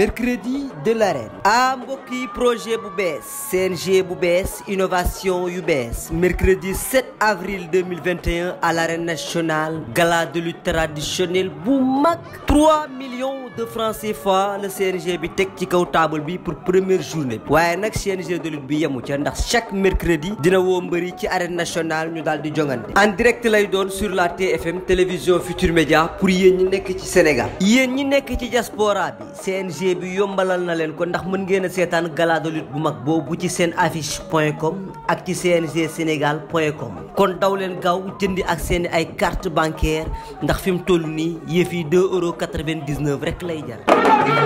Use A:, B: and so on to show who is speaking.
A: mercredi de l'arène ah mbokk yi
B: projet bu bees CNG bu bees innovation yu bees mercredi 7 avril 2021 à l'arène nationale gala de lutte traditionnelle bu mag 3 millions de francs fois le CNG bi teg ci kaw table bi pour première journée waaye nag CNG de lutte bi yemu ca ndax chaque mercredi dina woo mbëri ci arène nationale ñu daal di jongante en direct lay doon sur la TFM télévision Futur Média pour yéen ñi nekk ci Sénégal yéen ñi nekk ci diaspora bi CNG bi yombalal na leen ko ndax mën ngeen a seetaan gala bu mag boobu ci seen affiche point com ak ci CNG Sénégal point com kon daw leen gaaw jëndi ak seen ay carte bancaire ndax fi mu toll nii yëf yi 2 euros 99 rek lay jar.